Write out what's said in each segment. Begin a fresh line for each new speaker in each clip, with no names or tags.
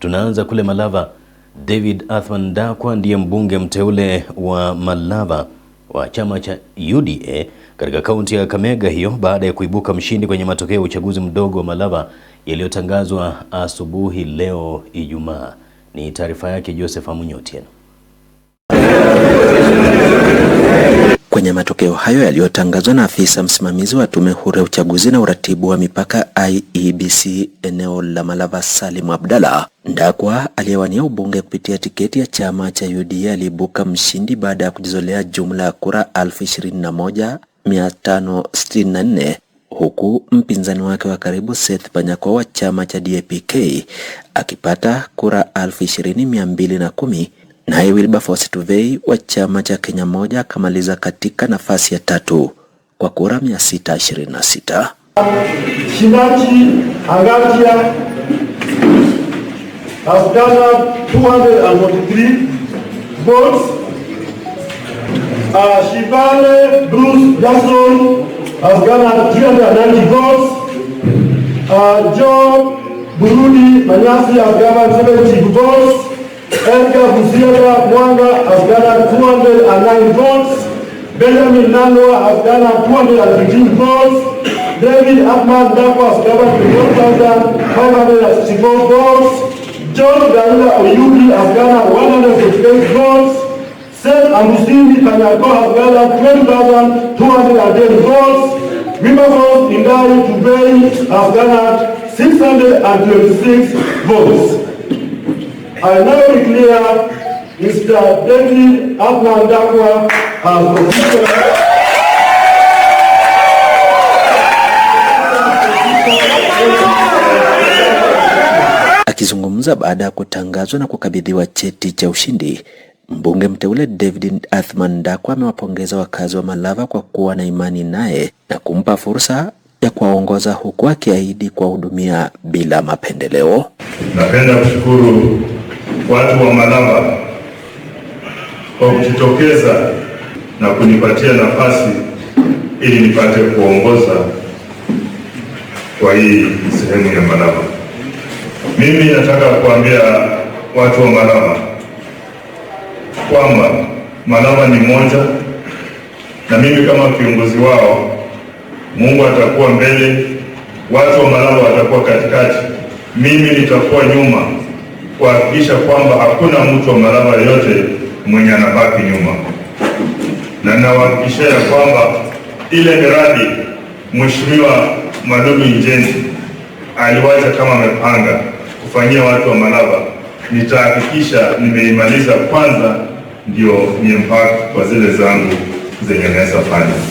Tunaanza kule Malava. David Athman Dakwa ndiye mbunge mteule wa Malava wa chama cha UDA katika kaunti ya Kamega hiyo baada ya kuibuka mshindi kwenye matokeo ya uchaguzi mdogo wa Malava yaliyotangazwa asubuhi leo Ijumaa. Ni taarifa yake Joseph tena. Kwenye matokeo hayo yaliyotangazwa na afisa msimamizi wa Tume Huru ya Uchaguzi na Uratibu wa Mipaka IEBC eneo la Malava, Salim Abdalla, Ndakwa aliyewania ubunge kupitia tiketi ya chama cha UDA aliibuka mshindi baada ya kujizolea jumla ya kura 21564 huku mpinzani wake wa karibu Seth Panyako wa chama cha DAPK akipata kura 20210 Naye Wilberforce Tuvei wa chama cha Kenya Moja akamaliza katika nafasi ya tatu kwa kura 626. Shinachi Angatia has garnered 243 votes. Uh, Shivale Bruce Jackson has garnered 390 votes. Uh, Joe Burundi Manyasi has garnered 70 votes. Edgar Busiega Mwanga has gathered 209 votes. Benjamin Nanua has gathered 215 votes. David Ahmad Dapo has gathered 1,564 votes. John Garuda Oyubi has gathered 168 votes. Saint Agustini Kanyako has gathered 12,210 votes. Riverfront Indari Tubei has gathered 626 votes. I now declare Mr. David Apwandakwa as the Akizungumza baada ya kutangazwa na kukabidhiwa cheti cha ushindi, mbunge mteule David Athman Ndakwa amewapongeza wakazi wa Malava kwa kuwa na imani naye na kumpa fursa ya kuwaongoza huku akiahidi kuwahudumia bila mapendeleo.
Napenda kushukuru watu wa Malaba kwa kujitokeza na kunipatia nafasi ili nipate kuongoza kwa hii sehemu ya Malaba. Mimi nataka kuambia watu wa Malaba kwamba Malaba ni moja, na mimi kama kiongozi wao, Mungu atakuwa mbele, watu wa Malaba watakuwa katikati, mimi nitakuwa nyuma kuhakikisha kwamba hakuna mtu wa Malava yoyote mwenye anabaki nyuma, na nawahakikishia ya kwamba ile miradi Mheshimiwa Madubi Njenzi aliwaza kama amepanga kufanyia watu wa Malava, nitahakikisha nimeimaliza kwanza, ndio nyempaka kwa zile zangu.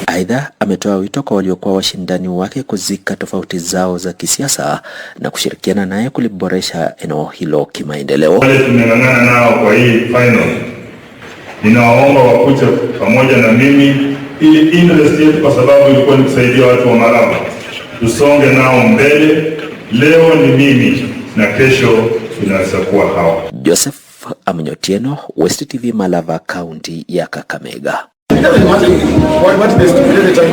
Aidha, ametoa wito kwa waliokuwa washindani wake kuzika tofauti zao za kisiasa na kushirikiana naye kuliboresha eneo hilo kimaendeleo.
Wale tumeng'ang'ana nao kwa hii final, ninawaomba wakuja pamoja na mimi ili interest yetu, kwa sababu ilikuwa ni kusaidia watu wa Maraba, tusonge nao mbele. Leo ni mimi na kesho inaweza kuwa hawa.
Joseph Amnyotieno, West TV, Malava, kaunti ya Kakamega. Why, what is the stupidity?